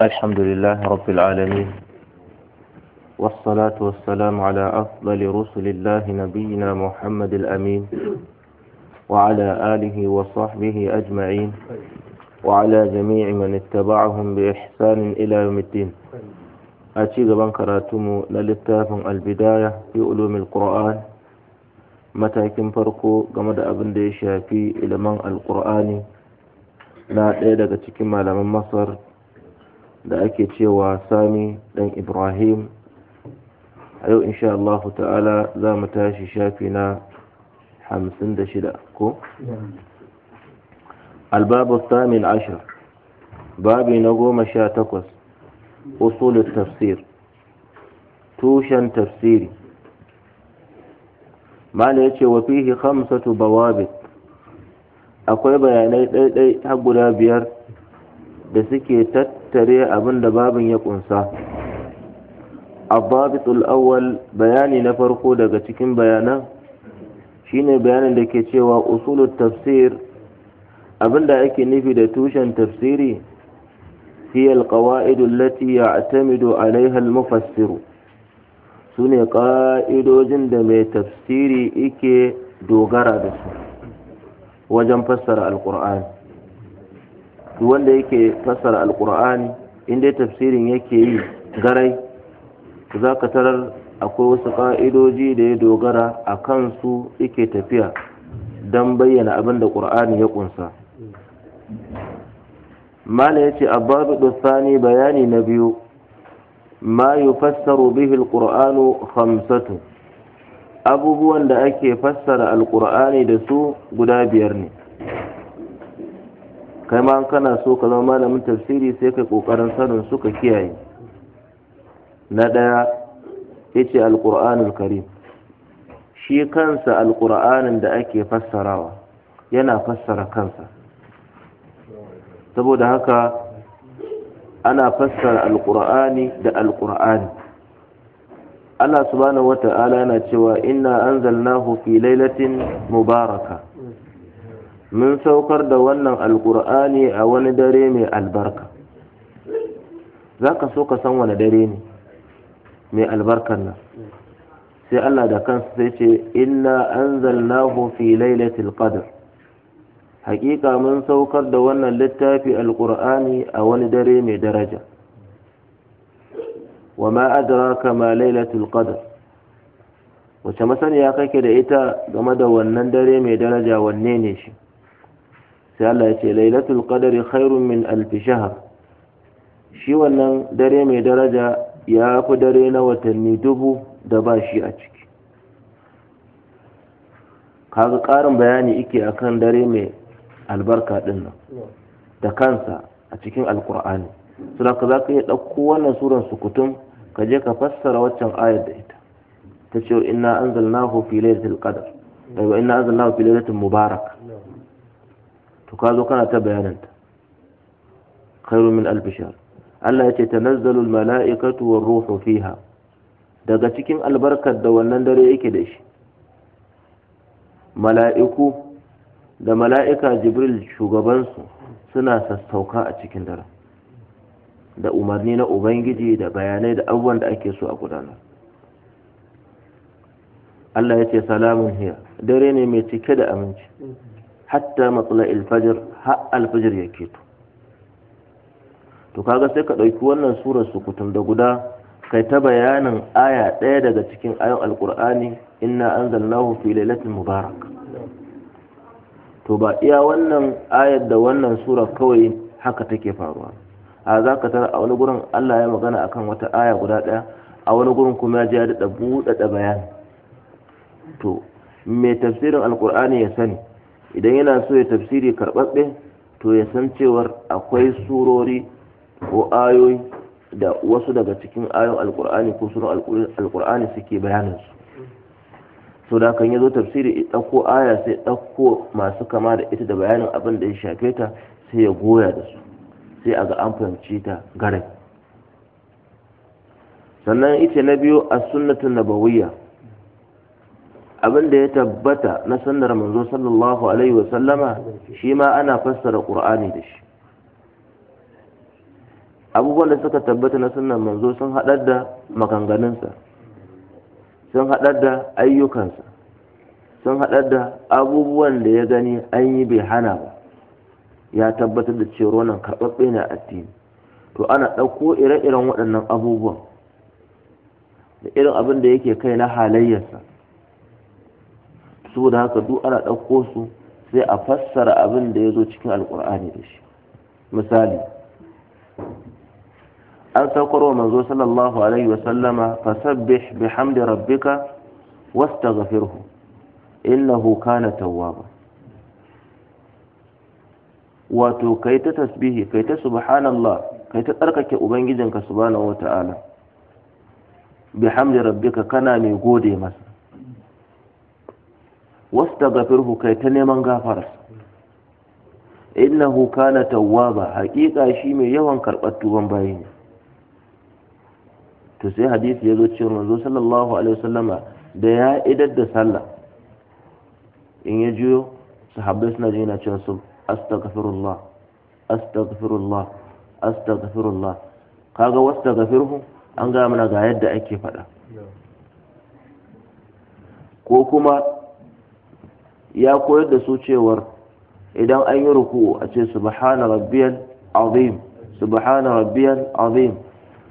الحمد لله رب العالمين والصلاة والسلام على أفضل رسل الله نبينا محمد الأمين وعلى آله وصحبه أجمعين وعلى جميع من اتبعهم بإحسان إلى يوم الدين أتيغ بنكراتم للتاف البداية في علوم القرآن متى يكن game قمد أبن ديشا في إلى من القرآن لا ɗaya daga cikin مصر da ake cewa Sami dan ibrahim a yau insha Allah ta'ala za mu tashi shafi na hamsin da shida ko? albabu samin ashir babi na goma sha takwas usulun tafsir tushen tafsiri mala ya ce wafihi hamsatu bawabit akwai bayanai ɗaiɗai har guda biyar da suke tattara tare abin da babin ya kunsa abbabitul awwal bayani na farko daga cikin bayanan shine bayanin da ke cewa usulun tafsir abinda ake nufi da tushen tafsiri hiya alqawaid allati ya'tamidu alaiha almufassir sune ka'idojin da mai tafsiri yake dogara da su wajen fassara alqur'ani duk wanda yake fassara alkur'ani in dai tafsirin yake yi garai za ka tarar akwai wasu ƙa'idoji da ya dogara a kansu yake tafiya don bayyana abin da ƙur'ani ya ƙunsa mala ya ce ababu sani bayani na biyu ma yi fassaru bihil alƙur'anu hamsatu abubuwan da ake fassara alƙur'ani da su guda biyar ne kai ma kana so ka zama malamin tafsiri sai kai kokarin sanin su ka kiyaye na ɗaya yace alqur'anul karim shi kansa alqur'anin da ake fassarawa yana fassara kansa saboda haka ana fassara alqur'ani da alqur'ani Allah subhanahu wata'ala yana cewa inna anzalnahu fi lailatin mubaraka mun saukar da wannan alkur'ani a wani dare mai albarka za ka so ka san wani dare ne mai albarkar nan sai Allah da kansa sai ce inna anzalnahu fi lailatul qadr hakika mun saukar da wannan littafi alkur'ani a wani dare mai daraja wa ma adraka ma lailatul qadr wace masaniya kake da ita game da wannan dare mai daraja wanne ne shi sai Allah ya ce lailatul qadari khairun min alf shahr shi wannan dare mai daraja ya fi dare na watanni dubu da ba shi a ciki kaga ƙarin bayani ike akan dare mai albarka din nan da kansa a cikin alkur'ani suna ka za ka iya ɗauko wannan suran sukutum ka je ka fassara waccan ayar da ita ta ce inna anzalnahu fi lailatul qadr wa inna anzalnahu fi lailatul mubarak to ka zo kana ta bayananta khairu min albishar Allah ya ce tanazzalul mala'ikatu war ruhu fiha daga cikin albarkar da wannan dare yake da shi mala'iku da mala'ika jibril shugabansu suna sassauka a cikin dare da umarni na ubangiji da bayanai da abubuwan da ake so a gudanar Allah ya ce salamun hiya dare ne mai cike da aminci hatta matla'il fajr har alfajir ya keto to kaga sai ka ɗauki wannan surar su kutum da guda kai ta bayanin aya ɗaya daga cikin ayon alkur'ani inna anzalnahu fi lailatin mubarak to ba iya wannan ayar da wannan sura kawai haka take faruwa a za ka tara a wani gurin allah ya magana akan wata aya guda ɗaya a wani gurin kuma ya ji ya daɗa buɗaɗa bayani to mai tafsirin alƙur'ani ya sani idan yana so ya tafsiri karɓaɓɓe to ya san cewar akwai surori ko ayoyi da wasu daga cikin ayon alkur'ani ko sunan alkur'ani suke bayaninsu so da kan yazo tafsiri ɗauko aya sai ɗauko masu kama da ita da bayanin abin da ya shafe ta sai ya goya da su sai a ga an fahimci ta garai sannan ita na biyu a sunnatun nabawiyya abin da ya tabbata na sunnar manzo sallallahu alaihi wa sallama shi ma ana fassara qur'ani da shi abubuwan da suka tabbata na sunnar manzo sun haɗar da maganganunsa sun haɗar da ayyukansa sun haɗar da abubuwan da ya gani an yi bai hana ba ya tabbatar da cewa wannan karɓaɓɓe ne addini to ana ɗauko ire-iren waɗannan abubuwan da irin abin da yake kai na halayyarsa saboda haka duk ana ɗauko su sai a fassara abin da ya zo cikin alkur'ani da shi misali an saukarwa manzo sallallahu alaihi wa sallama wasallama fasabbih bihamdi rabbika wastaghfirhu innahu kana tawwaba wato kai ta tasbihi kai ta subhanallah kai ta tsarkake ubangijinka subhanahu wata'ala bihamdi rabbika kana mai gode masa firhu kai ta neman gafarar innahu kana tawwaba haƙiƙa shi mai yawan karɓar tuban bayi ne to sai hadisi ya zo cewa manzo sallallahu alaihi wasallama da ya idar da sallah in ya juyo sahabbai suna jina cewa su astaghfirullah astaghfirullah astaghfirullah kaga firhu? an ga mana ga yadda ake faɗa ko kuma ya koyar da su cewar idan an yi ruku'u a ce subhana rabbiyal azim subhana rabbiyal azim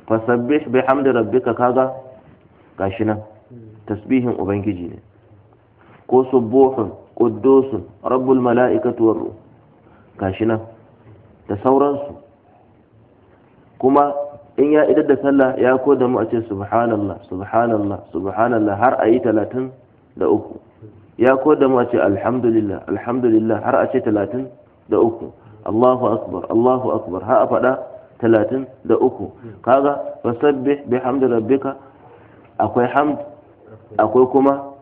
sabbih bihamdi rabbika kaga gashi nan tasbihin ubangiji ne ko subuhun quddusun rabbul malaikatu war ruh gashi nan da sauransu kuma in ya idar da sallah ya da mu a ce subhanallah subhanallah subhanallah har ayi talatin da uku ya koyar da mu a ce alhamdulillah alhamdulillah har a ce talatin da uku Allahu akbar Allahu akbar har a faɗa talatin da uku kaga fasabbih bihamdi rabbika akwai hamd akwai kuma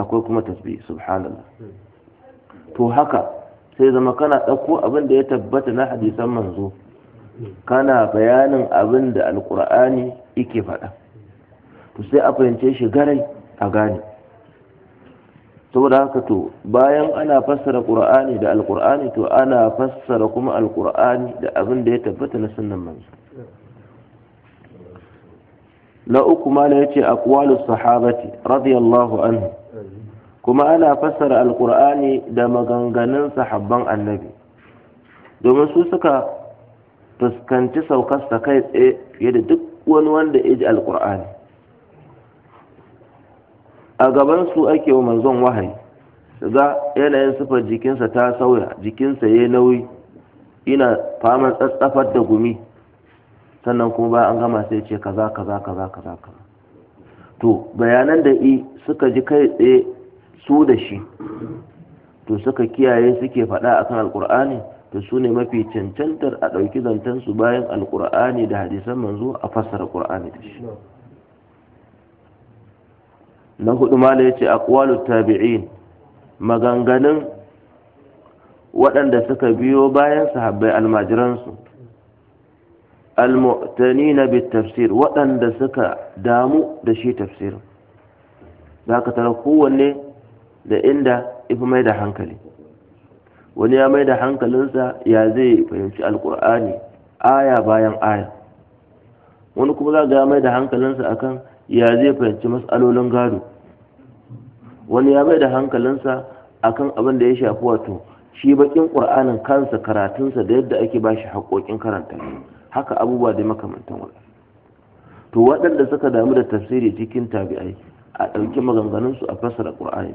akwai kuma tasbih subhanallah to haka sai zama kana ɗauko abin da ya tabbata na hadisan manzo kana bayanin abin da alkur'ani yake faɗa to sai a fahimce shi garai a gane saboda haka to bayan ana fassara qur'ani da alqur'ani to ana fassara kuma alqur'ani da abin da ya tabbata na sunnan manzo na uku mala yace aqwalu sahabati radiyallahu anhu kuma ana fassara alqur'ani da maganganun sahabban annabi domin su suka fuskanci saukar sa kai tsaye da duk wani wanda ya ji alqur'ani a gabansu ake wa manzon wahayi ga yanayin sufar jikinsa ta sauya jikinsa ya nauyi ina fama tsatsafar da gumi sannan kuma ba an gama sai ce kaza kaza kaza kaza kaza to bayanan da i suka ji kai tsaye su da shi to suka kiyaye suke faɗa akan alkur'ani to su ne mafi cancantar a ɗauki zantansu bayan alkur'ani da hadisan manzo a fassara ƙur'ani da shi na hudu mala ce aqwalut tabi'in maganganun waɗanda suka biyo bayan sahabbai almajiransu na bi tafsir waɗanda suka damu da shi tafsirin za ka tara kowanne da inda ifi mai da hankali wani ya mai da hankalinsa ya zai fahimci alkur'ani aya bayan aya wani kuma za ga ya mai da hankalinsa akan ya zai fahimci matsalolin gado wani ya bai da hankalinsa akan abin da ya shafi wato shi bakin qur'anin kansa karatunsa da yadda ake bashi haƙoƙin karanta haka abubuwa da makamantan wannan to waɗanda suka damu da tafsiri cikin tabi'ai a ɗauki maganganunsu a fassara qur'ani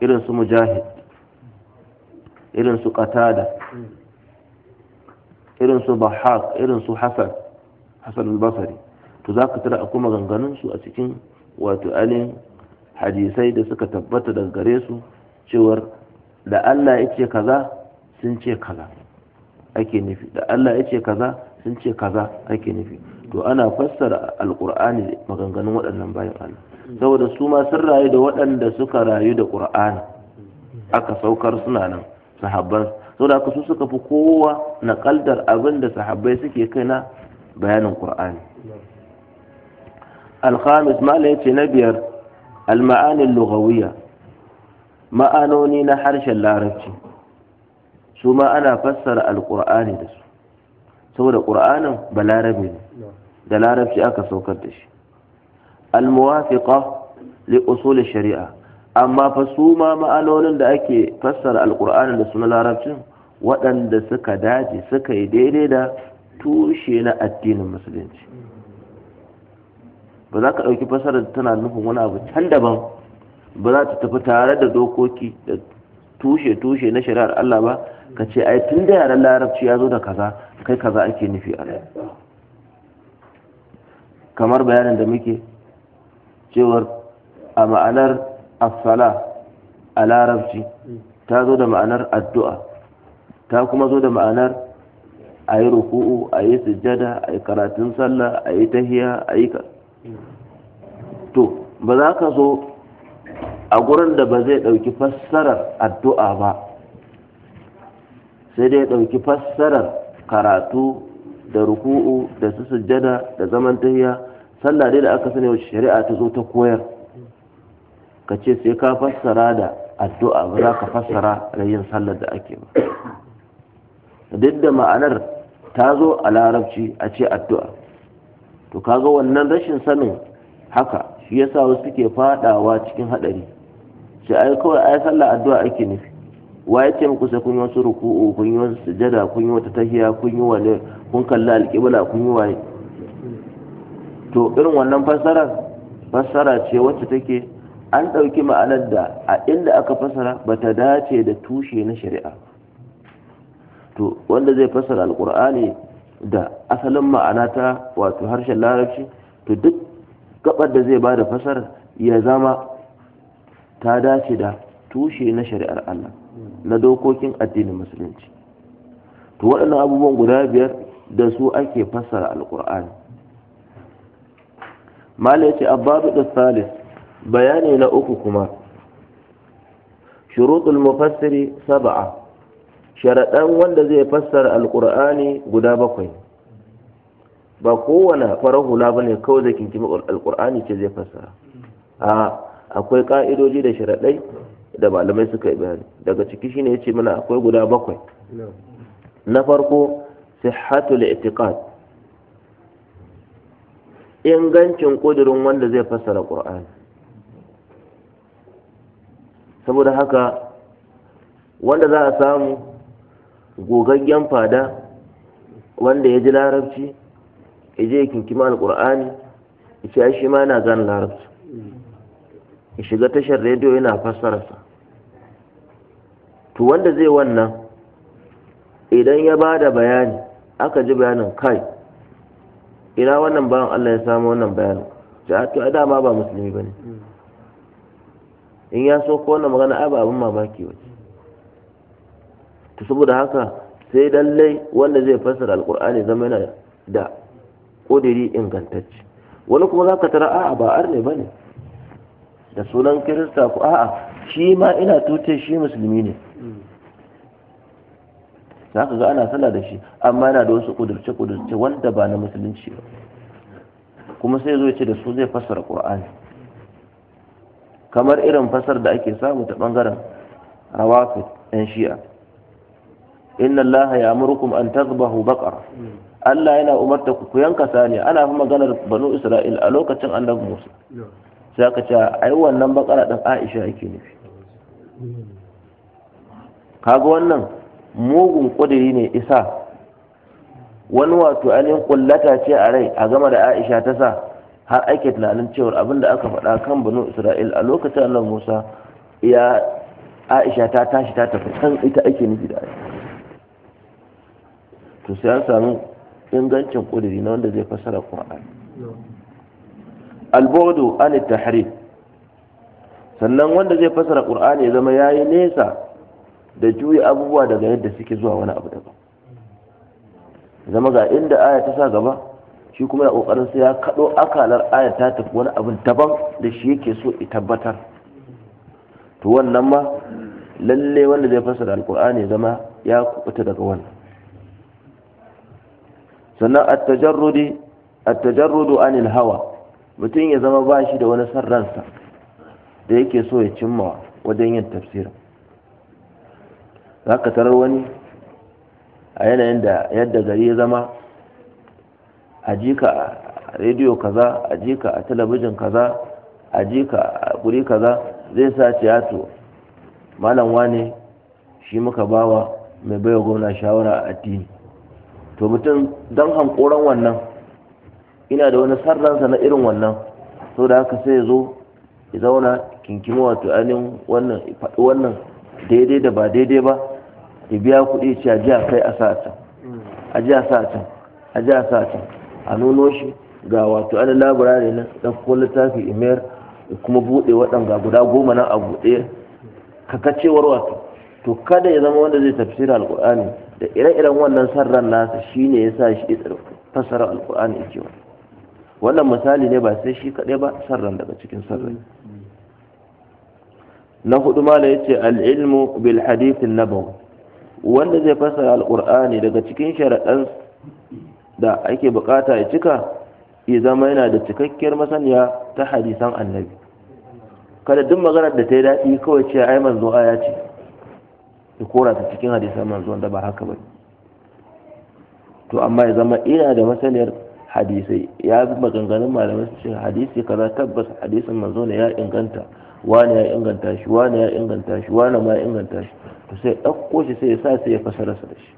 irin su mujahid irin su qatada irin su bahaq irin su hasan hasan al-basri to zaka tara akwai maganganunsu a cikin wato alin hadisai da suka tabbata daga gare su cewar da Allah ya ce kaza sun ce kaza ake nufi da Allah ya ce kaza sun ce kaza ake nufi to ana fassara alqur'ani maganganun waɗannan bayan Allah saboda su ma sun rayu da waɗanda suka rayu da qur'ani aka saukar suna nan sahabban saboda haka su suka fi kowa na kaldar abin da sahabbai suke kai na bayanin qur'ani الخامس ما yace na biyar. alma'anin lugawiya ma'anoni na harshen larabci su ma ana fassara alƙur'ani da su saboda ƙur'anin ba larabi ne da larabci aka saukar da shi almuwafiqa li usul shari'a amma fa su ma ma'anonin da ake fassara alƙur'anin da su na larabcin waɗanda suka dace suka yi daidai da tushe na addinin musulunci ba za ka ɗauki fasarar tana nufin wani abu can daban ba za ta tafi tare da dokoki da tushe-tushe na shari'ar Allah ba ka ce ai tun da yaran larabci ya zo da kaza kai kaza ake nufi a kamar bayanin da muke cewar a ma'anar asala a larabci ta zo da ma'anar addu'a ta kuma zo da ma'anar a yi ruku'u a yi sujjada a yi karatun sallah a yi tahiya a yi to ba za ka zo a gurin da ba zai ɗauki fassarar addu'a ba sai dai ɗauki fassarar karatu da ruku'u da su sujjada da zaman tahiya sallah dai da aka sani wacce shari'a ta zo ta koyar ka ce sai ka fassara da addu'a ba za ka fassara da yin sallar da ake ba duk da ma'anar ta zo a larabci a ce addu'a to kaga wannan rashin sanin haka shi yasa wasu suke fadawa cikin hadari sai ai kawai ai sallah addu'a ake nufi wa ya muku sai kun yi wasu ruku'u kun yi wasu sujada kun yi wata tahiya kun yi wani kun kalli alƙibla kun yi waye to irin wannan fassara fassara ce wacce take an ɗauki ma'anar da a inda aka fassara ba ta dace da tushe na shari'a to wanda zai fassara alƙur'ani da asalin ma'ana ta wato harshen larabci to duk gabar da zai ba da fasar ya zama ta dace da tushe na shari'ar Allah na dokokin addinin musulunci to waɗannan abubuwan guda biyar da su ake fassara alkur'ani mala ya ce abbabu da salis bayani na uku kuma shuruɗul mufassiri saba'a sharaɗan wanda zai fassara alƙur'ani guda bakwai ba kowane farar hula ba ne kawai zai kinkimi alƙur'ani ce zai fassara a akwai ƙa'idoji da sharaɗai da malamai suka yi bayani daga ciki shine ce mana akwai guda bakwai na farko sihhatul i'tiqad ingancin ƙudurin wanda zai fassara ƙur'ani saboda haka wanda za a samu gogaggen fada wanda ya ji larabci ya je kinkima alkur'ani ya shi ma yana gane larabci ya shiga tashar rediyo yana fassararsa to wanda zai wannan idan ya ba da bayani aka ji bayanin kai ina wannan bayan Allah ya samu wannan bayanin a to dama ba musulmi ba ne in ya so ko wannan magana ai ba abin mamaki ba ce to saboda haka sai lallai wanda zai fassara alkur'ani zama yana da ƙudiri ingantacce wani kuma za ka tara a'a ba arne ba ne da sunan kirista ku a'a shi ma ina tute shi musulmi ne za ka ga ana sala da shi amma yana da wasu kudurce kudurce wanda ba na musulunci ba kuma sai zo ce da su zai fassara ƙur'ani. kamar irin fasar da ake samu ta bangaren rawafid yan shi'a inna allaha ya'murukum an tadhbahu baqara Allah yana umarta ku yanka saniya ana fi maganar banu Isra'il a lokacin annabi Musa sai aka ce ai wannan bakara din Aisha yake nufi kaga wannan mugun kudiri ne isa wani wato ainihin kullata ce a rai a gama da Aisha ta sa har ake tunanin cewar abin da aka faɗa kan banu Isra'il a lokacin annabi Musa ya Aisha ta tashi ta tafi kan ita ake nufi da Aisha to sai an samu ingancin ƙudiri na wanda zai fasara al albodo an tahrir sannan wanda zai fasara ƙur'ani ya zama yayi nesa da juya abubuwa daga yadda suke zuwa wani abu daban zama ga inda aya ta sa gaba shi kuma na kokarin sai ya kaɗo akalar aya ta tafi wani abu daban da shi yake so ya tabbatar to wannan ma lalle wanda zai fasara alkur'ani zama ya kubuta daga wannan sannan at-tajarrudi anil hawa mutum ya zama bashi da wani san ransa da yake so ya cimma wajen yin tafsirin zaka tarar wani a yanayin da yadda gari ya zama a ka a rediyo kaza a ka a talabijin kaza a ka a guri kaza zai sa tiyato malam wane shi muka bawa mai baiwa gwamna shawara a addini to mutum don hankoron wannan ina da wani sarransa na irin wannan sau da haka sai ya zo ya zauna kinkima wato ainihin wannan faɗi wannan daidai da ba daidai ba ya biya kuɗi ce a ji a kai a sa'atan a ji a sa'atan a ji a a nuno shi ga wato ainihin laburare na ɗauko littafi imer kuma buɗe ga guda goma nan a buɗe kakacewar wato to kada ya zama wanda zai tafsira alƙur'ani da ire-iren wannan sarran nasa ya sa shi fasara ya ce wannan misali ne ba sai shi kaɗai ba sarran daga cikin sarran na hudu ma ya ce al'ilmu bil hadithin na wanda zai fasara Alƙur'ani daga cikin sharaɗan da ake bukata ya cika ya zama yana da cikakkiyar masaniya ta hadisan annabi kada duk maganar da ta yi daɗi kawai ce ai manzo aya ce ya kora ta cikin hadisan manzo wanda ba haka ba to amma ya zama ina da masaniyar hadisai ya bi maganganun malamai su ce hadisi kaza tabbas hadisin manzo ne ya inganta wani ya inganta shi wani ya inganta shi wani ma ya inganta shi to sai ɗauko shi sai ya sa sai ya fasara sa da shi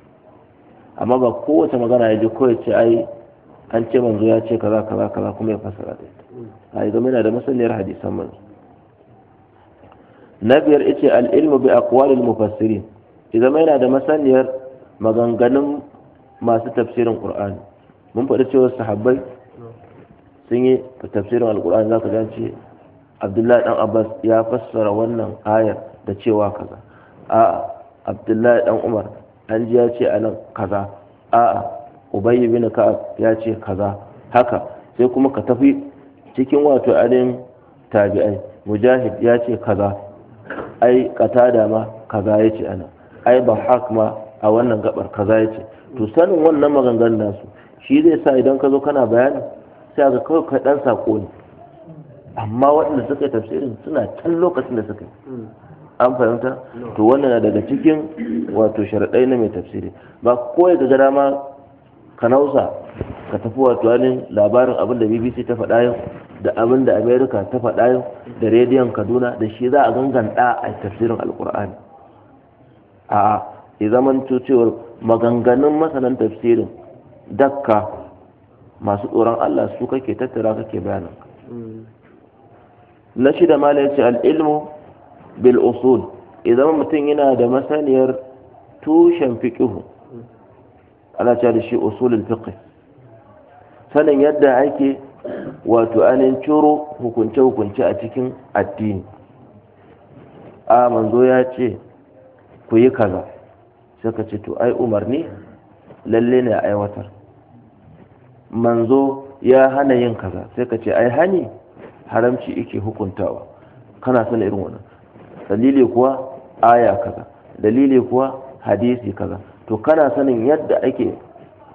amma ba kowace magana ya je ko ya ce ai an ce manzo ya ce kaza kaza kaza kuma ya fasara da ita a yi yana da masaniyar hadisan manzo na biyar ita al-ilmu bi aqwalil mufassirin zama yana da masaniyar maganganun masu tafsirin ƙur'ani mun faɗi cewa sahabbai sun yi tafsirin alqur'ani zaka ka ce abdullahi dan abbas ya fassara wannan ayar da cewa kaza a abdullahi dan umar an ji ya ce nan kaza a ubayy bin ka'ab ya ce kaza haka sai kuma ka tafi cikin wato anin tabi'ai mujahid ya ce kaza ai qatada ma kaza ya ce anan ai ba hakma a wannan gabar kaza yace to sanin wannan maganganun nasu shi zai sa idan ka zo kana bayani sai ga kawai kai dan sako ne amma waɗanda suka yi tafsirin suna can lokacin da suka yi an fahimta to wannan na daga cikin wato sharaɗai na mai tafsiri ba kowai ga gara ma ka nausa ka tafi wato wani labarin abin da bbc ta faɗa yau da abin da america ta faɗa yau da rediyon kaduna da shi za a ganganta a tafsirin alkur'ani a ya zaman cewar maganganun masanan tafsirin dakka masu tsoron Allah su kake tattara kake bayanin na shida mala yace al al'ilmu bil usul zama mutum yana da masaniyar tushen fiƙihu. ana cewa shi usulun fiƙi sanin yadda ake wato anin coro hukunce-hukunce a cikin addini a manzo ya ce ku yi kaza suka ce to ai umarni lalle ne aiwatar manzo ya hana yin kaza sai ka ce ai hani haramci yake hukuntawa kana sana irin wannan dalili kuwa aya kaza dalili kuwa hadisi kaza to kana sanin yadda ake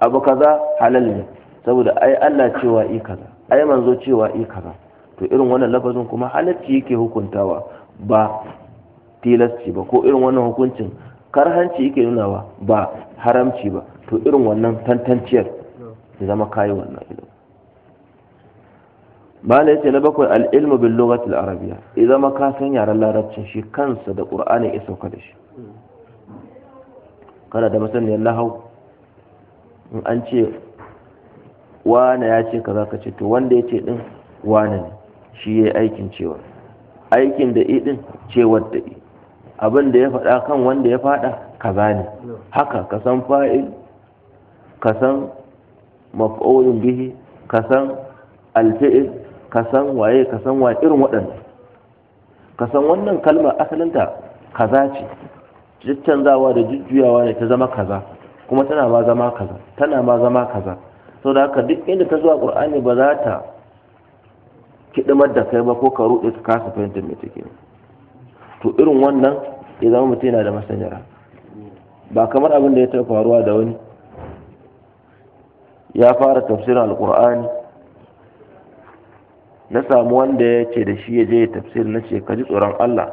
abu kaza halal ne saboda ai Allah cewa i kaza ai manzo cewa i kaza to irin wannan lafazin kuma halacci yake hukuntawa ba tilasci ba ko irin wannan hukuncin karhanci yake nunawa ba haramci ba to irin wannan tantanciyar ya zama kayi wannan ilimi bala na bakwai al bin bil arabiya ya zama ka san yaren larabcin shi kansa da qur'ani ya sauka da shi kana da masaniyar lahau in an ce wane ya ce kaza ka ce to wanda ya ce din wane ne shi ya yi aikin cewa aikin da i din cewar da i abin da ya faɗa kan wanda ya faɗa kaza ne haka ka san fa'il ka san maf'ulun bihi ka san alfi'il ka san waye ka san wa irin waɗanda ka san wannan kalmar asalinta kaza ce jiccanzawa da jujjuyawa ne ta zama kaza kuma tana ma zama kaza tana ma zama kaza sau da haka duk inda ta zuwa ƙur'ani ba za ta kiɗimar da kai ba ko ka ruɗe ka kasa fahimtar mai take ne to irin wannan ya zama mutum yana da masanyara ba kamar abin da ya taɓa faruwa da wani ya fara tafsirin alkur'ani na samu wanda ya ce da shi ya je ya tafsiri na ce ka ji tsoron Allah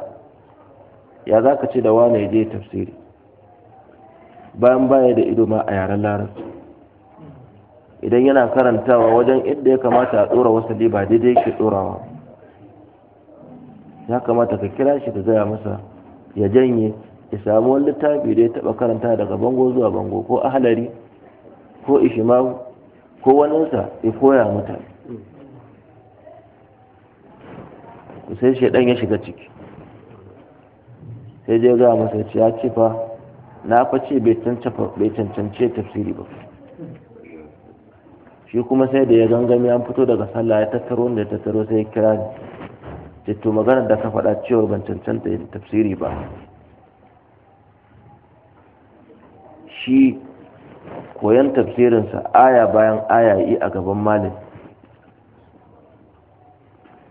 ya za ka ce da wane ya je tafsiri bayan baya da ido ma a yaren larabci idan yana karantawa wajen inda ya kamata a tsora wasu ba daidai ke tsorawa ya kamata ka kira shi ka gaya masa ya janye ya samu wani littafi da ya taba karanta daga bango zuwa bango ko ahalari ko ishimawu ko waninsa ya koya mata. sai dan ya shiga ciki sai dai ga masa ce ya ce fa na fa ce bai cancance tafsiri ba shi kuma sai da ya gangami an fito daga sallah ya tattaro da ya tattaro sai ya kira ni to maganar da ka faɗa cewa ban cancanta yin tafsiri ba shi koyan tafsirinsa aya bayan aya yi a gaban malin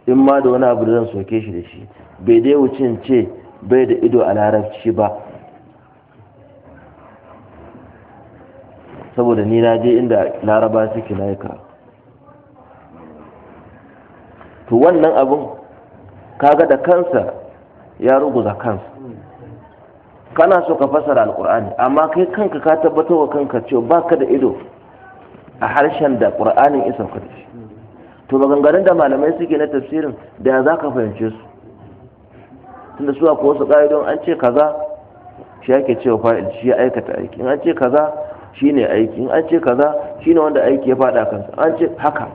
in ma da wani abu da zan soke shi da shi bai dai wucin ce bai da ido a larabci ba saboda ni na je inda laraba suke laika. to wannan abin kaga da kansa ya ruguza kansa kana so ka fasara alkur'ani amma kai kanka ka tabbatar wa kanka cewa baka da ido a harshen da qur'anin isa ka da shi to maganganun da malamai suke na tafsirin da ya za ka fahimce su tunda su akwai wasu ƙa'idon an ce kaza shi ake cewa fa'il shi ya aikata aiki in an ce kaza shi ne aiki in an ce kaza shi ne wanda aiki ya faɗa kansa an ce haka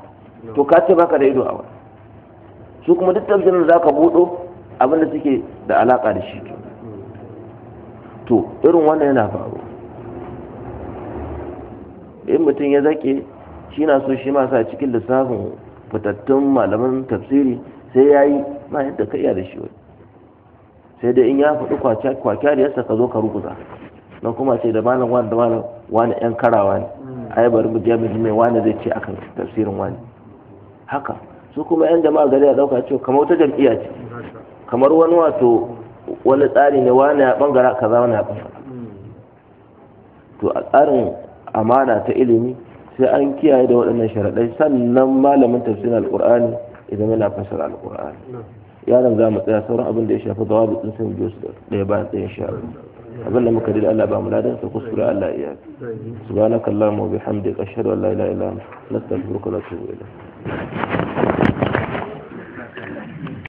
to ka ce baka da ido a wani su kuma duk tafsirin da ka buɗo abinda suke da alaka da shi to irin wannan yana faru in mutum ya zake shi na so shi masa cikin lissafin fitattun malaman tafsiri sai ya yi ma yadda ka iya da shi wani sai dai in ya faɗi ya ka zo ka rukusa na kuma ce da malam wani da malam wani yan karawa ne ai bari mu je mai wani zai ce akan tafsirin wani haka su kuma yan jama'a gari a dauka cewa kamar wata jam'iyya ce kamar wani wato wani tsari ne wani ya bangara kaza wani ya bangara to a tsarin amana ta ilimi sai an kiyaye da waɗannan sharaɗai sannan malamin tafsirin alƙur'ani idan yana fassara alƙur'ani yaran za mu tsaya sauran abin da ya shafi zawabi din sun mu biyo su ɗaya bayan ɗaya sha abin da muka da Allah ba mu ladan sa kuskure Allah iya subhanakallahumma wa bihamdika ashhadu an la ilaha illa anta astaghfiruka wa atubu ilayk